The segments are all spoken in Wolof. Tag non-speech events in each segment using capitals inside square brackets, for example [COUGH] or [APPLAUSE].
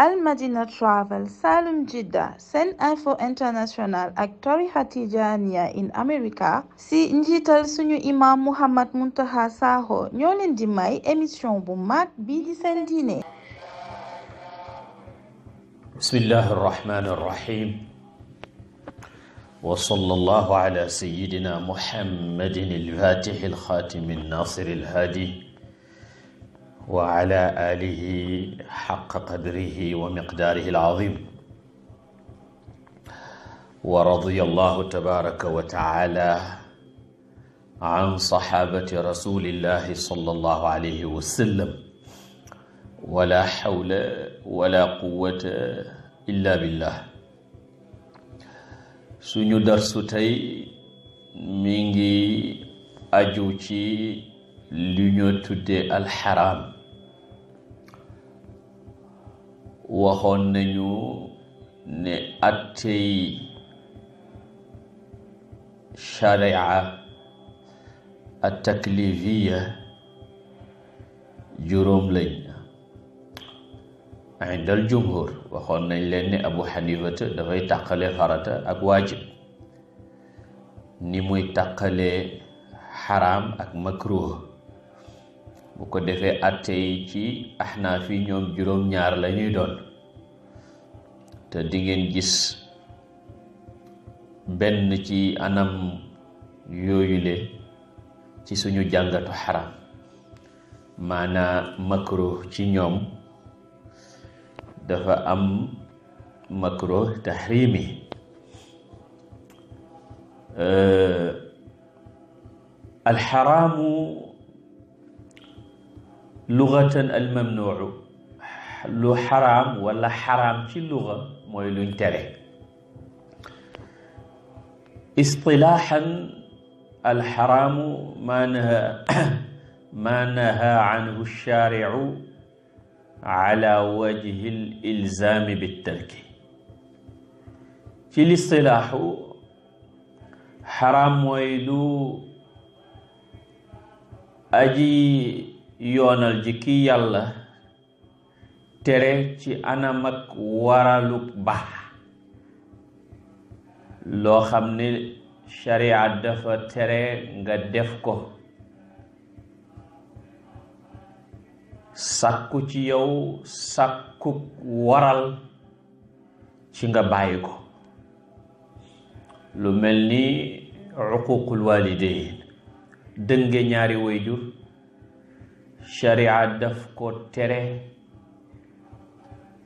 al madina travel salum jidda sen info international ak tarixa tijaniya in america si njiital suñu imam muhammad muntaha sakho ñoo leen di may émission bu mag bii di seen diine bismillahi arrahmani arrahim wa sallallahu ala sayidina muhammadin alfatixi alxaatimi annasiri alhaadi wa ala alihi xaqa qadrihi wa miqdaarihi alazim wa radiya allahu tabaraka wa taala an saxaabati rasulillahi sallallahu alayhi wa sallam wala xawla wala quwwata illa billah suñu darsu tey mi ngi aju ci li ñu tudde alxaraam waxoon nañu ne attey sharia at-taklifiya juróom lañ indal jumhur waxoon nañ leen ni abu xanifata dafay tàqale farata ak waajib ni muy tàqale xaraam ak makruh bu ko defee atte yi ci axnaaf yi ñoom juróom-ñaar la doon te di gis benn ci anam yooyu yooyule ci suñu jàngatu xaram maanaa makruh ci ñoom dafa am makruh tahrimi alxaraamu lughatan al mamnuu lu xaraam wala xaraam ci lugha mooy luñ tere istilaahan al xaraamu maa naha [COUGHS] maa naha anhu shaariu ala wajhi al ilzaami bittarki ci listilaaxu xaraam mooy lu aji yoonal ji ki yàlla tere ci anam ak waraluk ba loo xam ni sharia dafa tere nga def ko sàkku ci yow sàkkuk waral ci nga bàyyi ko lu mel ni uququl walidayn dënge ñaari wayjur sharia daf ko tere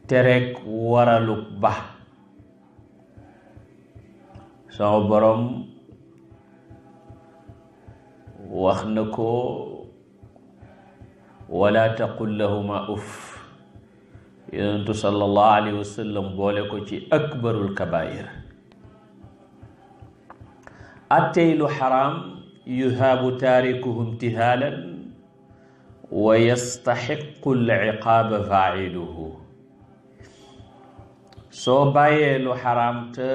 terek waraluk ba sama boroom wax na ko wala taqul lahuma uff yonentu sallallahu alayhi wa sallam boole ko ci akbarul kabair attey lu xaram yuhaabu taarikuhu imtihaalan wa yastaxiqu alciqaaba faaciluhu soo bàyyee lu xaraam te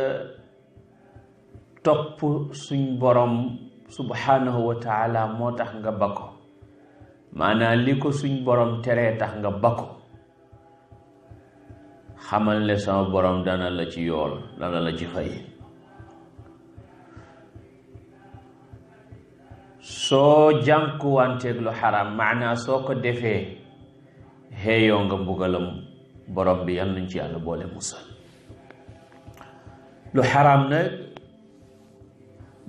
topp suñ borom subhaanahu wa taala moo tax nga ba ko maanaam li ko suñ borom tere tax nga ba ko xamal ne sama borom dana la ci yool dana la ci fay soo jànkuwanteeg lu xaraam maanaa soo ko defee xeeyoo nga mbugalam borom bi yal nañ ci yàlla boole musal lu xaraam na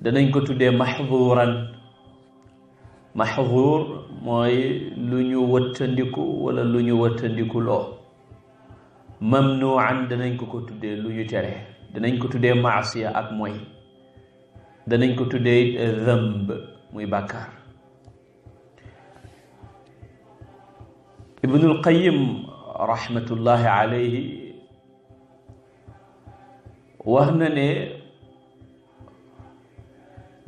danañ ko tuddee maxduuran maxduur mooy lu ñu wëttandiku walla lu ñu wëttandiku loo mamnuan danañ ko ko tuddee lu ñu tere danañ ko tuddee maasiya ak mooy danañ ko tuddee dëmb muy bàkkaar ibnul qayim rahmatullahi alayhi wax na ne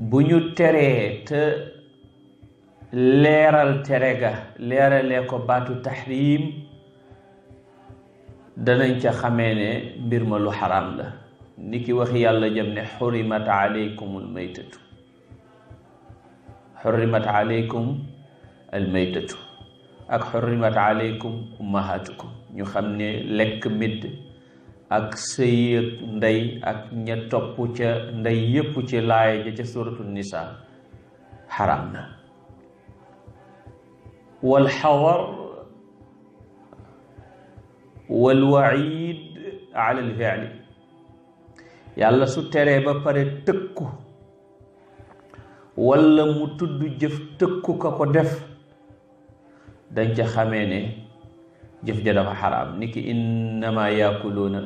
bu ñu teree te leeral tere ga leerale ko baatu taxrim danañ ca xamee ne mbir ma lu xaraam la ni ki waxi yàlla jëm ne xurimat aleykumul maytatu xurrimat aleykum almaytatu ak xurrimat aleykum ummahatukum ñu xam ne lekk midd ak sëyeeg ndey ak ña topp ca ndey yépp ci laaya ja ca suratu nisa xaraam na walxawar walwaid ala alfiili yàlla su teree ba pare tëkku walla mu tudd jëf tëkku ko def dañ ca xamee ne jëf ja dafa xaraam ni ki innama yaakuluuna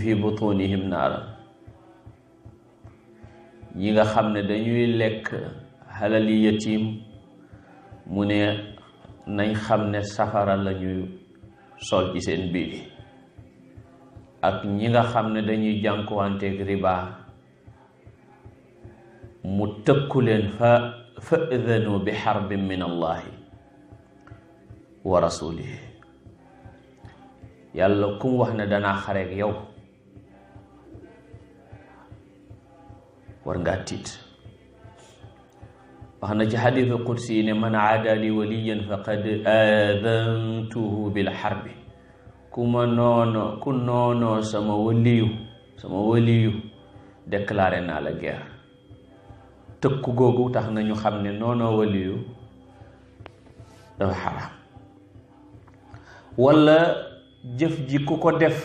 fi butunihim naara ñi nga xam ne dañuy lekk xalali yatim mu ne nañ xam ne safara la ñuy sol ci seen biir ak ñi nga xam ne dañuy jànkuwanteeg riba mu tëkku leen fa fa'danu bi xarbin min allahi wa rasulihi yàlla kum wax ne danaa xareeg yow war ngaa tiit wax na ci xadiisu qudsi yi ne man aada li waliyan faqad aadantuhu bil xarbi ku ma noono ku noonoo sama waliyu sama waliyu déclaré naa la guerre tëkku googu tax nañu xam ne noonoo waliyu dafa xaraam walla jëf ji ku ko def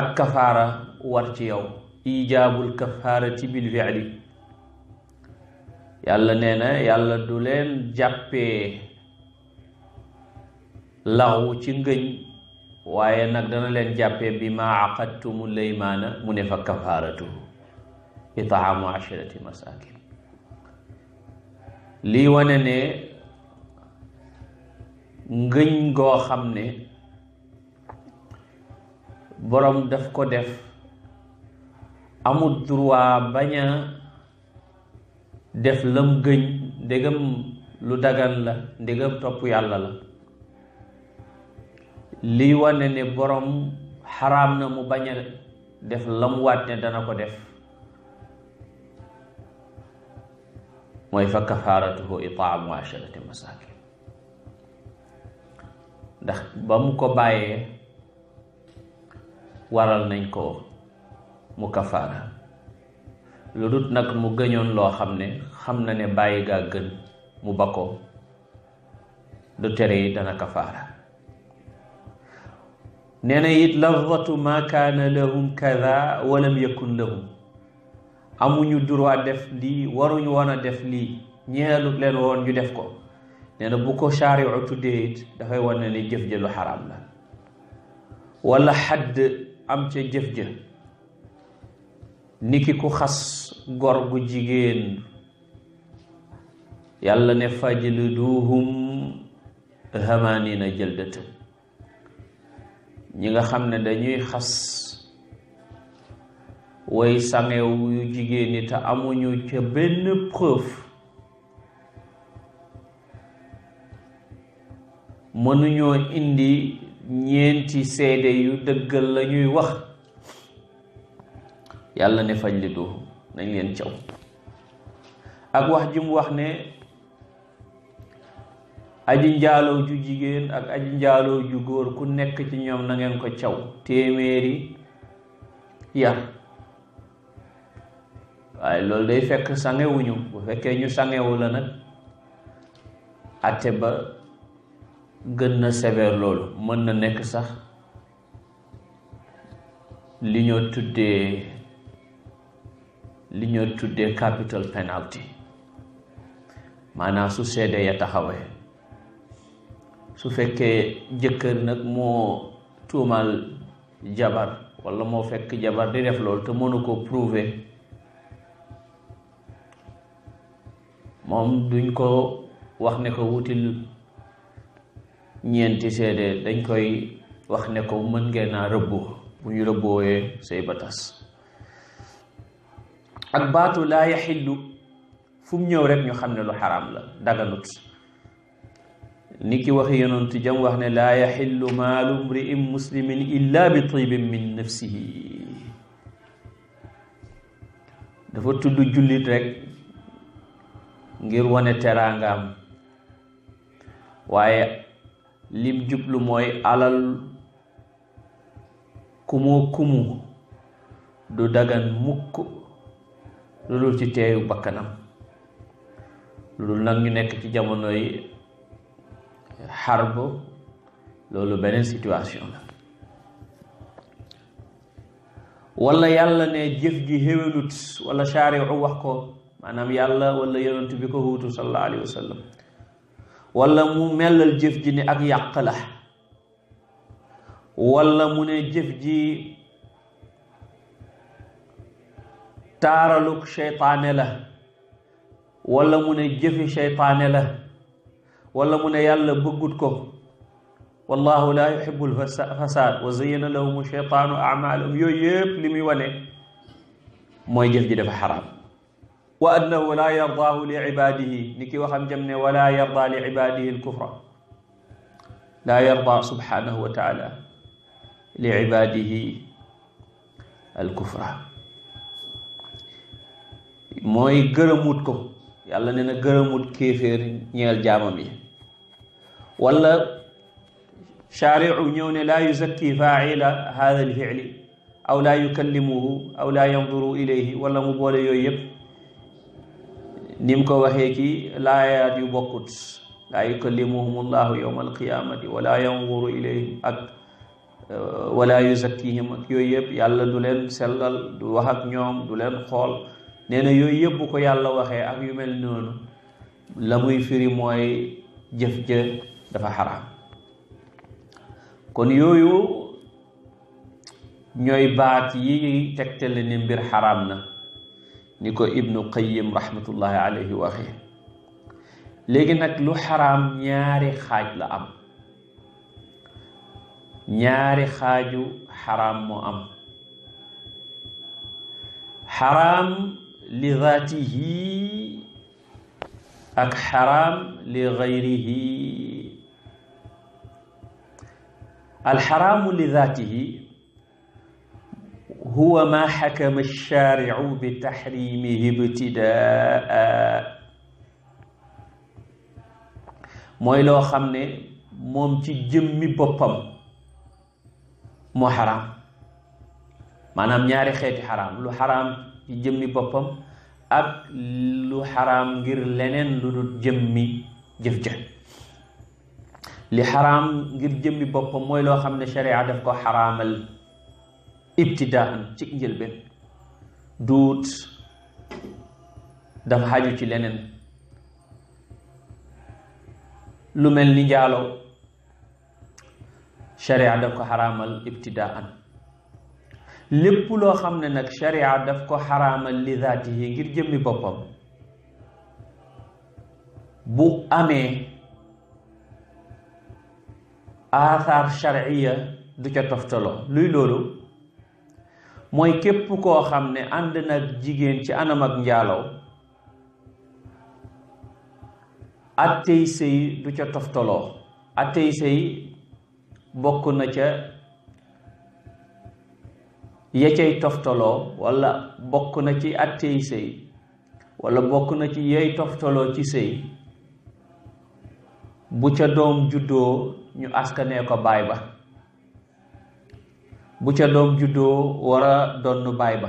ak kafaara war ci yow ijaabul kafaarati bil fi'li yàlla nee na yàlla du leen jàppee law ci ngëñ waaye nag dana leen jàppee bi ma aqadtumu laymaana mu ne fa kafaaratu itaamu ashirati masakin lii wane ne ngëñ goo xam ne boroom daf ko def amul droit bañ def lam gëñ ndegam lu dagan la ndegam topp yàlla la lii wane ne boroom xaram na mu baña def lam waat ne dana ko def mooy fa kafaaratuhu itaamu asharati masakin ndax ba mu ko bàyyee waral nañ ko mu kafaara lu dut nag mu gëñoon loo xam ne xam na ne bàyyi gaa gën mu ba ko du tere yi dana kafaara nee na it lafdatu ma kaana lahum kada walam yakun lahum amuñu droit def lii waruñu woon a def lii ñeelut leen woon ñu def ko nee na bu ko shaariu tuddee it dafay wane ne jëf ja lu xaraam la wala xadd am ca jëf ja ki ku xas góor gu jigéen yàlla ne fajliduuhum hamaanina jëldëtë ñi nga xam ne dañuy xas way sangewu yu jigéen ñi te amuñu ca benn preuve mënuñoo indi ñeenti seede yu dëggal lañuy wax yàlla ne faj li du nañ leen caw ak wax ji wax ne aji njaaloo ju jigéen ak aji njaaloo ju góor ku nekk ci ñoom na ko caw téeméeri yar waaye loolu day fekk sangewuñu bu fekkee ñu sangewula nag atte ba gën na sévère loolu mën na nekk sax li ñoo tuddee li ñoo tuddee capital penalty maanaa su seddee ya taxawee su fekkee jëkkër nag moo tuumal jabar walla moo fekk jabar di def loolu te mënu ko prouver moom duñ ko wax ne ko wutil ñeenti seede dañ koy wax ne ko mën ngeen a rëbbu bu ñu rëbboowee say ba tas ak baatu laa yaxillu fu mu ñëw rek ñu xam ne lu xaraam la daganut ni ki waxi yonent jam wax ne laa yaxillu maalu mri'in muslimin illa bi tibin min nafsihi dafa tudd jullit rek ngir wane teraangaam waaye lim jublu mooy alal kumoo kumu du dagan mukk lu dul ci teeyu bakkanam lu dul nag ñu nekk ci jamono yi xarb loolu beneen situation la wala yàlla ne jëf ji xéwénut wala shaariu wax ko maanaam yàlla wala yonent bi ko wuutu sallallahu alayhi wa sallam mu jëf ji ni ak yàq la wala ne jëf ji taaraluk seytaane la wala mu ne jëfi seytaane la wala mu ne yàlla bëggut ko wallahu la yuhibbul fasad wa zayyana a sheytaanu amalahum yooyu yëpp li muy wane mooy jëf ji dafa wa annahu laa yardaahu li ibaadihi ni ki waxam jëm ne wala yarda li ibaadihi alkufra laa yarda subhanahu wa taala li ibaadihi alkufra mooy gërëmut ko yàlla nee na gërëmut kéeféer ñeel jaamam yi wala shaariu ñëw ne laa yuzakki faila hada alficli aw laa yukallimuhu aw laa yanduru ilayhi wala mu boole yooyu yëpp ni ko waxee ci laayaat yu bokkut laa yukallimuhum allahu yowma alqiyamati wala yanzuru ilayhim ak wala yuzakkihim ak yooyu yëpp yàlla du leen sellal du wax ak ñoom du leen xool nee na yooyu yëpp bu ko yàlla waxee ak yu mel noonu la muy firi mooy jëf ja dafa xaraam kon yooyu ñooy baat yi tegtale ne mbir xaraam na ni ko ibnu qayim rahmatullahi alayhi waxe léegi nag lu xaraam ñaari xaaj la am ñaari xaaju xaraam moo am xaraam li zaatihi ak xaraam li gayrihi alxaraamu li zaatihi huwa ma xakama alchaariu bi taxrimihi ibtidaa mooy loo xam ne moom ci jëmmi boppam mu xaraam maanaam ñaari xeeti xaraam lu xaraam ci jëmmi boppam ak lu xaraam ngir leneen lu dul jëmmi jëf ja li xaraam ngir jëmmi boppam mooy loo xam ne sharia def ko xaraamal ibtidaan ci njëlbeen duut dafa xaju ci leneen lu mel ni njaaloo sharia daf ko xaraamal ibtidaan lépp loo xam ne nag sharia daf ko xaramal li zaati yi ngir jëmmi boppam bu amee aasaar shariya du ca toftaloo luy loolu mooy képp koo xam ne ànd nag jigéen ci anam ak njaalaw attey sëy du ca toftaloo attey sëy bokk na ca ya cay toftaloo walla bokk na ci attey sëy walla bokk na ci yey toftaloo ci sëy bu ca doom juddoo ñu askanee ko baay ba bu ca doom juddoo war donn baay ba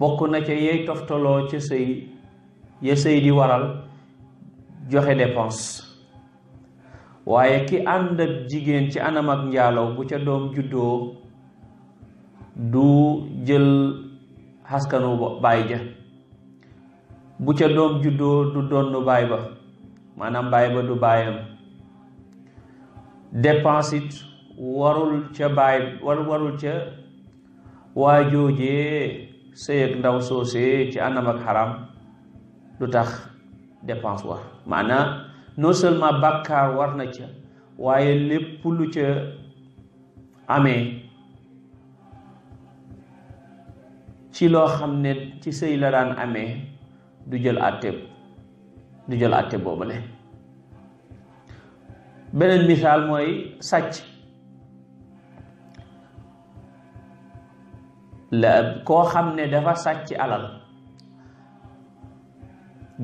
bokk na ca yey toftaloo ca sëy ya sëy di waral joxe dépense waaye ki ànd ak jigéen ci anam ak njaalaw bu ca doom juddoo du jël xaskanu baay ja bu ca doom juddoo du donn baay ba maanaam baay ba du baayam dépense warul ca baay war warul ca waa joojee sëy ak ndaw soosee ci anam ak xaram lu tax dépense war maanaa non seulement bàkkaar war na ca waaye lépp lu ca amee ci loo xam ne ci sëy la daan amee du jël àtte du jël àtte boobale beneen misaal mooy sàcc la koo xam ne dafa sàcc alal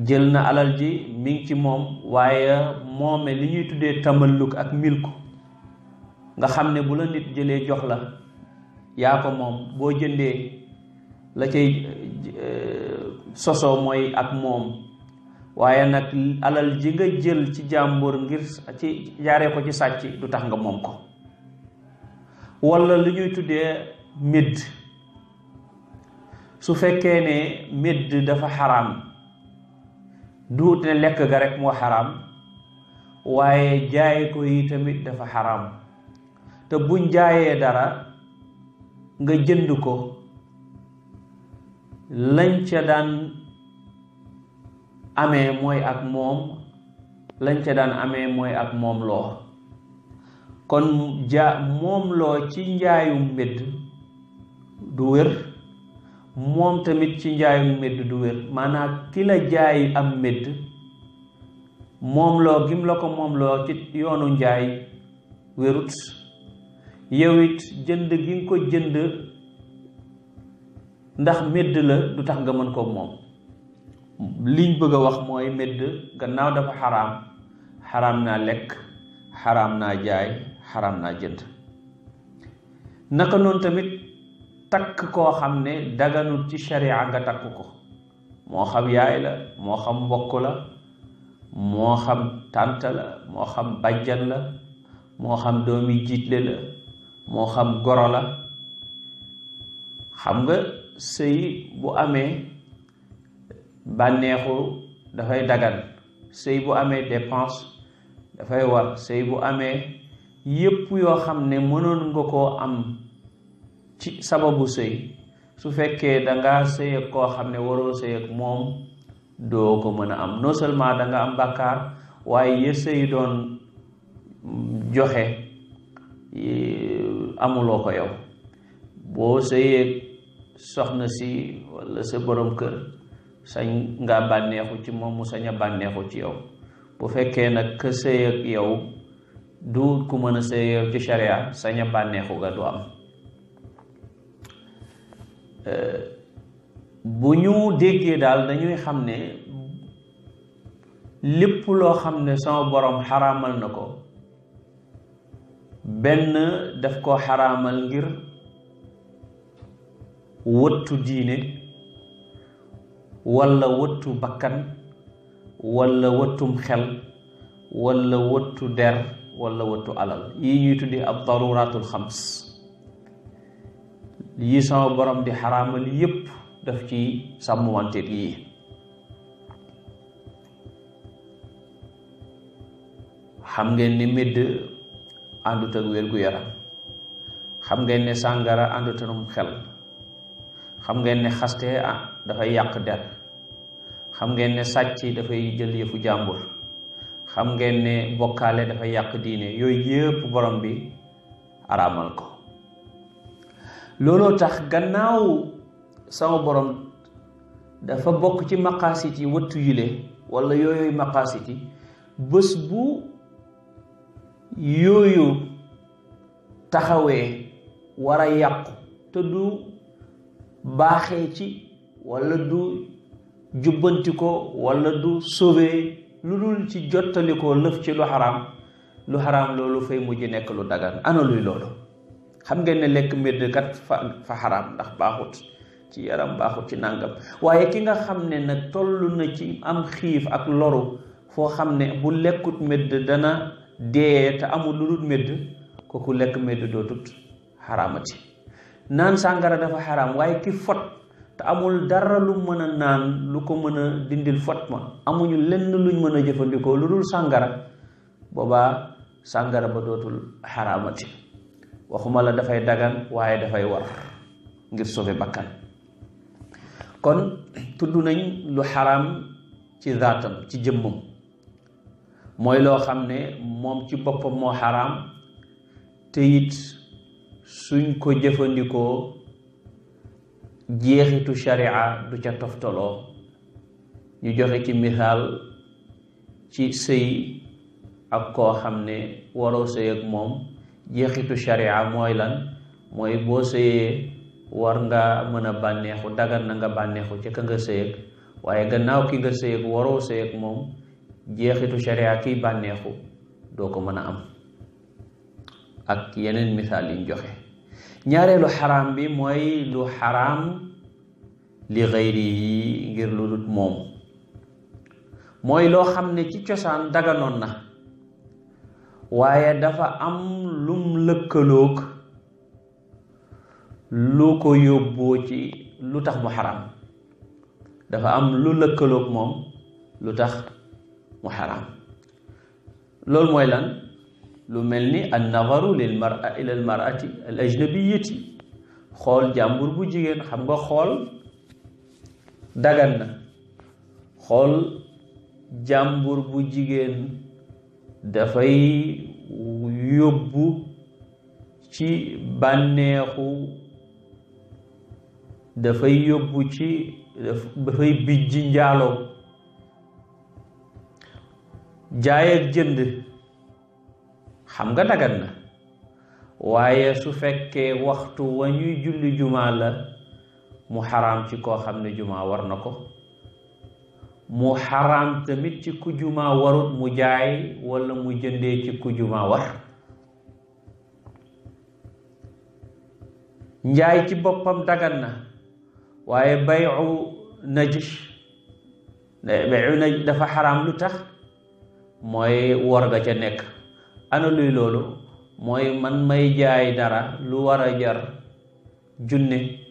jël na alal ji mi ci moom waaye moome li ñuy tuddee tamalluk ak milku nga xam ne bu la nit jëlee jox la yaa ko moom boo jëndee la cay eh, sosoo mooy ak moom waaye nag alal ji nga jël ci jàmbur ngir ci jaaree ko ci sàcc du tax nga moom ko walla li ñuy tuddee midd su fekkee ne médd dafa xaram duut ne lekk ga rek moo xaraam waaye jaay ko yi tamit dafa xaram te buñ jaayee dara nga jënd ko lañ ca daan amee mooy ak moom daan amee mooy ak moom loo kon ja moom loo ci njaayum mbedd du wér moom tamit ci njaayum médd du wér maanaam ki la jaay am médd moom loo gim la ko moom loo ci yoonu njaay wérut yow it jënd gi nga ko jënd ndax médd la du tax nga mën ko moom liñ bëgg a wax mooy médd gannaaw dafa xaraam xaraam naa lekk xaraam naa jaay xaraam naa jënd naka noonu tamit takk koo xam ne daganut ci sharia nga takk ko moo xam yaay la moo xam mbokk la moo xam tànt la moo xam bàjjan la moo xam doomi jiitle la moo xam goro la xam nga sëy bu amee bànneexu dafay dagan sëy bu amee dépense dafay war sëy bu amee yépp yoo xam ne mënoon nga koo am ci sababu sëy su fekkee danga sëy ak koo xam ne waroo sëy ak moom doo ko mën a am no seulement danga am bàkkaar waaye ya sëy doon joxe amuloo ko yow boo sëyeeg soxna si walla sa borom kër sañ nga bànneexu ci moom mu sañ a bànneexu ci yow bu fekkee nag ka sëy ak yow du ku mën a sëy yow ci charia sañ a bànneexu nga du am bu ñu déggee daal dañuy xam ne lépp loo xam ne sama boroom xaramal na ko benn def ko xaramal ngir wëttu diine walla wëttu bakkan walla wëttum xel walla wëttu der walla wëttu alal yi ñuy tuddee ab daruratul xams lii sama borom di xaraamal yépp def ci sàmmwanteet yii xam ngeen ni medd àndut ak wér-gu-yaram xam ngeen ne sàngara àndut ak xel xam ngeen ne xaste dafay yàq der xam ngeen ne sàcc dafay jël yëfu jàmbur xam ngeen ne bokkaale dafay yàq diine yooyu yépp borom bi araamal ko looloo tax gannaaw sama borom dafa bokk ci maqaasit yi wëttu yile wala yooyooy maqaasit yi bés bu yooyu taxawee war a yàqu te du baaxee ci wala du jubbanti ko du sauver lu dul ci jottali ko lëf ci lu xaraam lu xaraam loolu fay mujj nekk lu dagan ana luy loolu xam ngeen ne lekk mbir de kat fa fa ndax baaxut ci yaram baaxut ci nàngam waaye ki nga xam ne nag toll na ci am xiif ak loru foo xam ne bu lekkut mbedd dana dee te amul lu dul mbedd kooku lekk mbedd dootut xaraamati naan sàngara dafa xaraam waaye ki fot te amul dara lu mën a naan lu ko mën a dindil fot ma amuñu lenn luñ mën a jëfandikoo lu dul sàngara boobaa sàngara ba dootul xaramati waxuma la dafay dagan waaye dafay war ngir sauver bakkan kon tudd nañ lu xaram ci zaatam ci jëmmam mooy loo xam ne moom ci boppam moo xaraam te it suñ ko jëfandikoo jeexitu sharia du ca toftaloo ñu joxe ci misaal ci sëy ak koo xam ne waroo sëy ak moom jeexitu sharia mooy lan mooy boo sëyee war nga mën a bànneexu dagan na nga bànneexu ci ka nga sëyeg waaye gannaaw ki nga sëyeg waroo sëyeg moom jeexitu sharia kiy bànneexu doo ko mën a am ak yeneen misaal yiñ joxe ñaareelu xaraam bi mooy lu xaraam li xëyri yi ngir lu dut moom mooy loo xam ne ci cosaan daganoon na waaye dafa am lum lëkkaloog lu ko yóbboo ci lu tax mu xaram dafa am lu lëkkalook moom lu tax mu xaram loolu mooy lan lu mel ni an nazaru lil marati al ajnabiyati xool jàmbur bu jigéen xam nga xool dagan na xool jàmbur bu jigéen dafay yóbbu ci bànneexu dafay yóbbu ci dafay bijji njaaloo jaay ak jënd xam nga dagan na waaye su fekkee waxtu wa ñuy julli jumaa la mu xaram ci koo xam ne jumaa war na ko mu xaraam tamit ci ku juma warut mu jaay wala mu jëndee ci ku juma war njaay ci boppam dagan na waaye bayu najis bayu najis dafa xaraam lu tax mooy war ga ca nekk ana luy loolu mooy man may jaay dara lu war a jar junne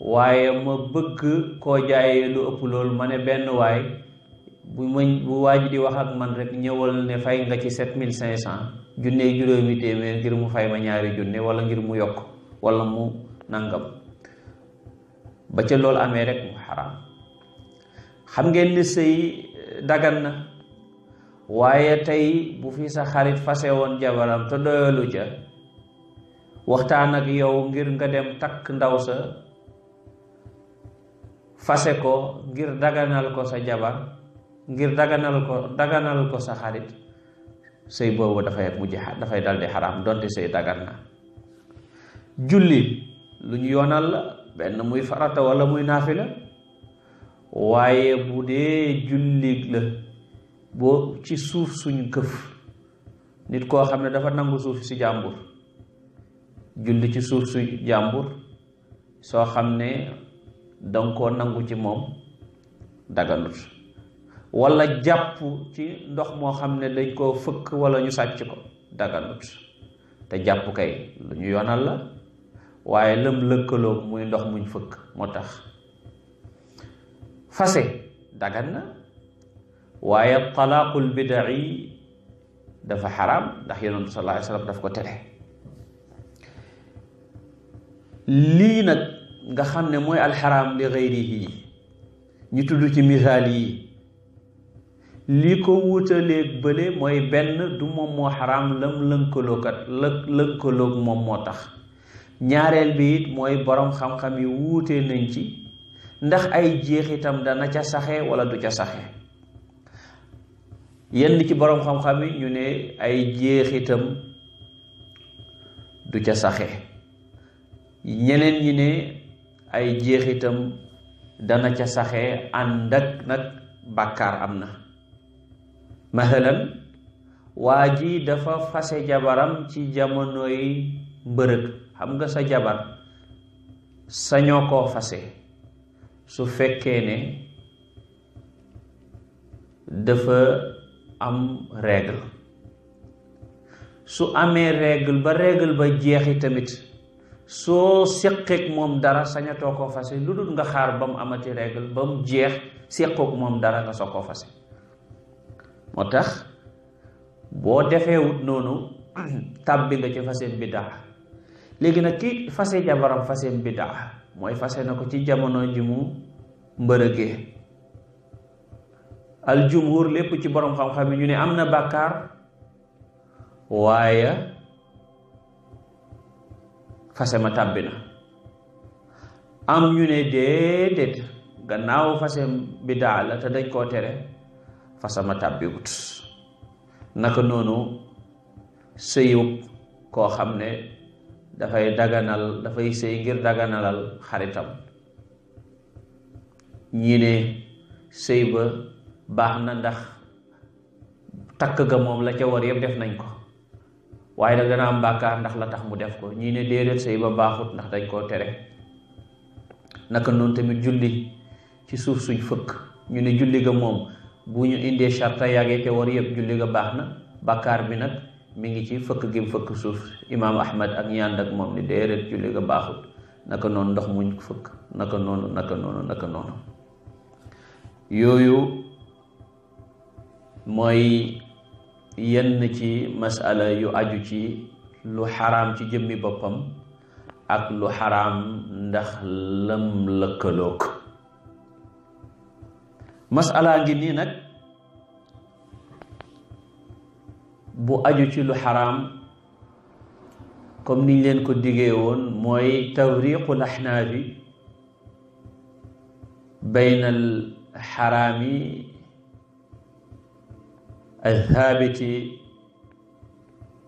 waaye ma bëgg koo jaayee lu ëpp loolu ma ne benn waay bu ma bu waaj di wax ak man rek ñëwal ne fay nga ci sept mille cinq cent junne juróomi téeméer ngir mu fay ma ñaari junne wala ngir mu yokk wala mu nangam ba ca loolu amee rek mu xaraam xam ngeen sëy eh, dagan na waaye tey bu fi sa xarit fase woon jabaram te doyalu ca waxtaan ak yow ngir nga dem takk ndaw sa fase ko ngir daganal ko sa jabar ngir daganal ko daganal ko sa xarit sëy boobu dafay mujj dafay daldi xaraam donte sëy dagan na julli lu ñu yoonal la benn muy farata wala muy naafi la waaye bu dee jullig la boo ci suuf suñu këf nit koo xam ne dafa nangu suuf si jàmbur julli ci suuf su jàmbur soo xam ne danga koo nangu ci moom daganut wala jàpp ci ndox moo xam ne dañ koo fëkk walla ñu sàcc ko daganut te jàpp kay lu ñu yoonal la waaye lëm lëkkaloo muy ndox muñ fëkk moo tax fase dagan na waaye talaaqul bida'i dafa xaram ndax yonentu sallallahu alayhi wasallam daf ko tere lii nag nga xam ne mooy alxaraam li yi ñu tudd ci misaal yi li ko wutaleeg bële mooy benn du moom moo xaraam lam lënkalookat lë lënkaloog moom moo tax ñaareel bi it mooy boroom xam-xam yi wuute nañ ci ndax ay jeexitam dana ca saxe wala du ca saxe yenn ci boroom xam-xam yi ñu ne ay jeexitam du ca saxe ñeneen ñi ne ay jeexitam dana ca saxe ànd ak nag bàkkaar am na mathalan waa ji dafa fase jabaram ci jamonoy mbërëg xam nga sa jabar sañoo koo fase su fekkee ne dafa am règle su amee règle ba règle ba jeexi tamit soo séqeek moom dara sañatoo ko fase lu dul nga xaar ba mu amati règle ba mu jeex séqook moom dara nga soo koo fase moo tax boo defee wut noonu [CLEARS THROAT] tàbbi nga ci faseem bidaa léegi nag ki fase jabaram fase bidaa mooy fase na ko ci jamono ji mu mbërëgee aljumhur lépp ci boroom xam-xam yi ñu ne am na bàkkaar waaye fase ma tàbbi na am ñu ne déedéet gannaaw fase bidaa la te dañ koo tere fase ma tàbbi naka noonu sëyub koo xam ne dafay daganal dafay sëy ngir daganalal xaritam ñi ne sëy ba baax na ndax takk ga moom la ca war yëpp def nañ ko waaye da gën am bàkkaar ndax la tax mu def ko ñii ne déedéet sëy ba baaxut ndax dañ koo tere naka noonu tamit julli ci suuf suñ fëkk ñu ne julli ga moom bu ñu indee charta yàggee te war yëpp julli ga baax na bàkkaar bi nag mu ngi ci fëkk gi fëkk suuf imaam ahmad ak ñi ak moom ni déedéet julli ga baaxut naka noonu ndox muñ fëkk naka noonu naka noonu naka noonu yooyu mooy yenn ci masala yu aju ci lu xaraam ci jëmmi boppam ak lu xaraam ndax lam lëkkaloog masala ngi nii nag bu aju ci lu xaraam comme niñ leen ko diggee woon mooy tafriqul axnaafi bayna al xaraami alhaabiti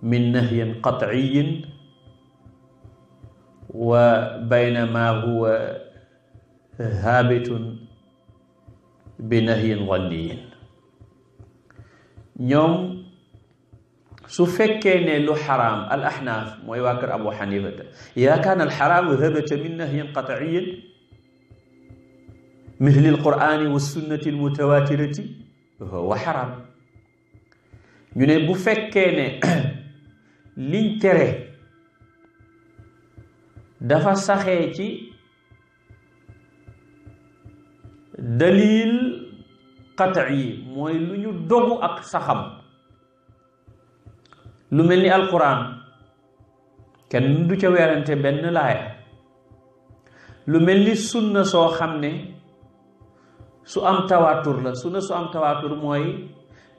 min nahyin qatciyin wa baynamaa huwa haabitun bi nahyin zanniyin ñoom su fekkee ne lu xaraam al ahnaaf mooy waa kër abu xanifata ida kaana alxaraamu habata min nahyin qatciyin mithli alqur'ani wa sunnati almutawatirati fa huwa xaraam ñu ne bu fekkee ne [CLEARS THROAT] liñ tere dafa saxee ci dalil qat'i yi mooy lu ñu dogu ak saxam lu mel ni alquran kenn du ca werante benn laaya lu mel ni sunna soo xam ne su am tawaatur la sunna su am tawaatur mooy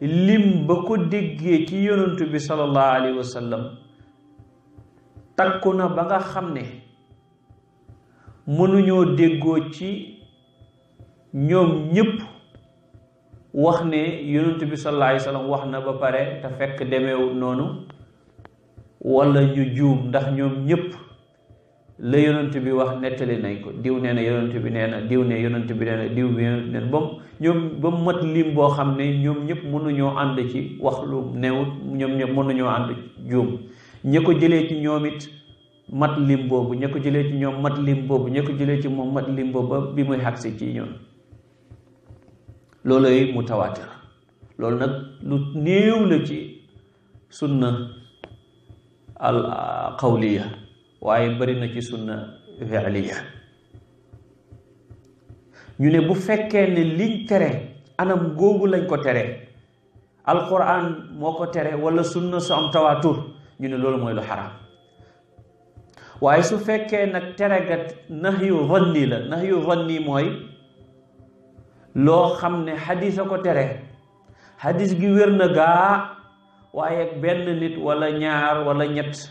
lim ba ko déggee ci yonantu bi sallallahu alayhi wa na ba nga xam ne mënuñoo déggoo ci ñoom ñëpp wax ne yonantu bi sallallahu alayhi wax na ba pare te fekk demeewut noonu wala ñu juum ndax ñoom ñëpp la yonent bi wax nettali nañ ko diw nee na yonent bi nee na diw ne yonent bi nee na diw bi nee ñoom ba mu mat lim boo xam ne ñoom ñëpp mënuñoo ànd ci wax lu newut ñoom ñëpp mënuñoo ànd juum ña ko jëlee ci ñoom it mat lim boobu ña ko jëlee ci ñoom mat lim boobu ña jëlee ci moom mat lim boobu bi muy xagsi ci ñoom looloy mu tawaatir loolu nag lu néew la ci sunna al qawliya waaye bari na ci sunna fi'liya ñu ne bu fekkee ne liñ tere anam googu lañ ko tere alquran moo ko tere wala sunna su am tawaatur ñu ne loolu mooy lu xaram waaye su fekkee nag tere ga yu vanni la nahyu vanni mooy loo xam ne xadis a ko tere xadis gi wér na gaa waaye benn nit wala ñaar wala ñett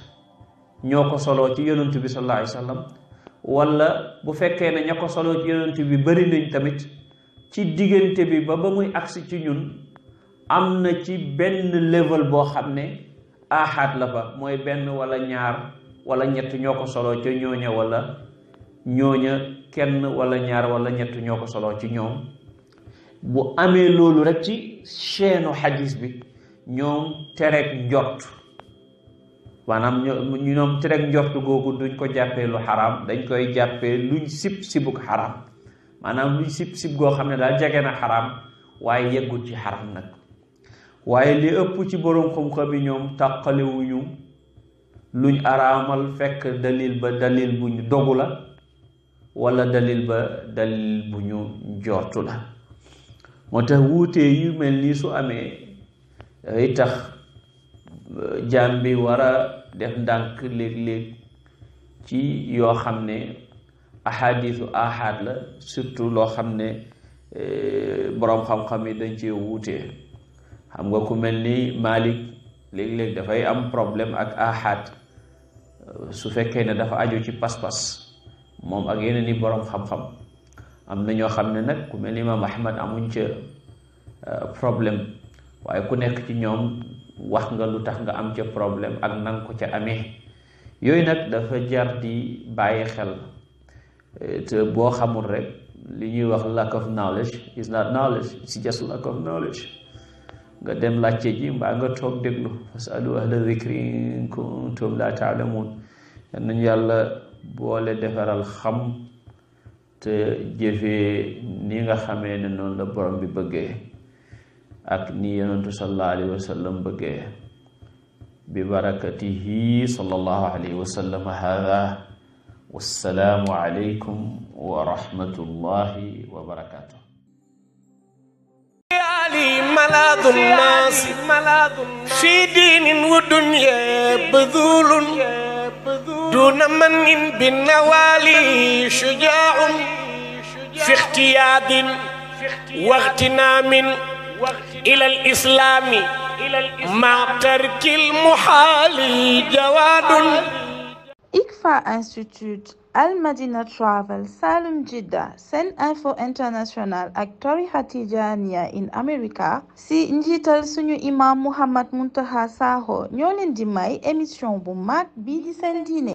ñoo ko soloo ci yonent bi sallallahu alayhi wala bu fekkee ne ña ko solo ci yonent bi bari nañ tamit ci diggante bi ba ba muy agsi ci ñun am na ci benn level boo xam ne aaxaat la fa mooy benn walla ñaar wala ñett ñoo ko soloo ca ñooña wala ñooña wala ñaar wala ñett ñoo ko soloo ci ñoom bu amee loolu rek ci chaîne u xadis bi ñoom tereeg njot maanaam ñu ñoom ci rek njort googu duñ ko jàppee lu xaraam dañ koy jàppee luñ sib sibuk xaraam maanaam luñ sib sib goo xam ne daal jege na xaraam waaye yeggul ci xaraam nag waaye li ëpp ci boroom xam-xam yi ñoom tàqalewuñu luñ araamal fekk dalil ba dalil bu ñu dogu la walla dalil ba dalil bu ñu njortu la moo tax wuutee yu mel nii su amee day tax jaam bi war a def ndànk léeg-léeg ci yoo xam ne ahadisu ahad la surtout loo xam ne e, boroom xam-xam yi dañ cee wuute xam nga ku mel ni Malik léeg-léeg dafay am problème ak ahad su fekkee ne dafa aju ci pas-pas moom ak yeneen i boroom xam-xam am na ñoo xam ne nag ku mel ni imaam Ahmad amuñ ca e, problème waaye ku nekk ci ñoom wax nga lu tax nga am ca problème ak nan ko ca amee yooyu nag dafa jar di bàyyi xel te boo xamul rek li ñuy wax lack of knowledge is not knowledge it's just lack of knowledge nga dem laajte ji mbaa nga toog déglu fasalu ahla zikri in kuntum la taalamun nañu yàlla boole defaral xam te jëfee ni nga xamee ne noonu la borom bi bëggee ak ni yonentu sallallahu alayhi wa sallam bëggee bi barakatihi sallallahu alayhi wa sallam hada wassalaamu alaykum wa rahmatullahi wa barakatuh علي ملاذ الناس في دين ودنيا بذول دون من بالنوالي شجاع في اختياد واغتنام إلى الإسلام Travel Salum Jidda Sen Info International ak tarixa Tijaaniya in America si njiital suñu imam Mouhammad Muntaqa Sakho ñoo di may émission bu mag bii di seen diine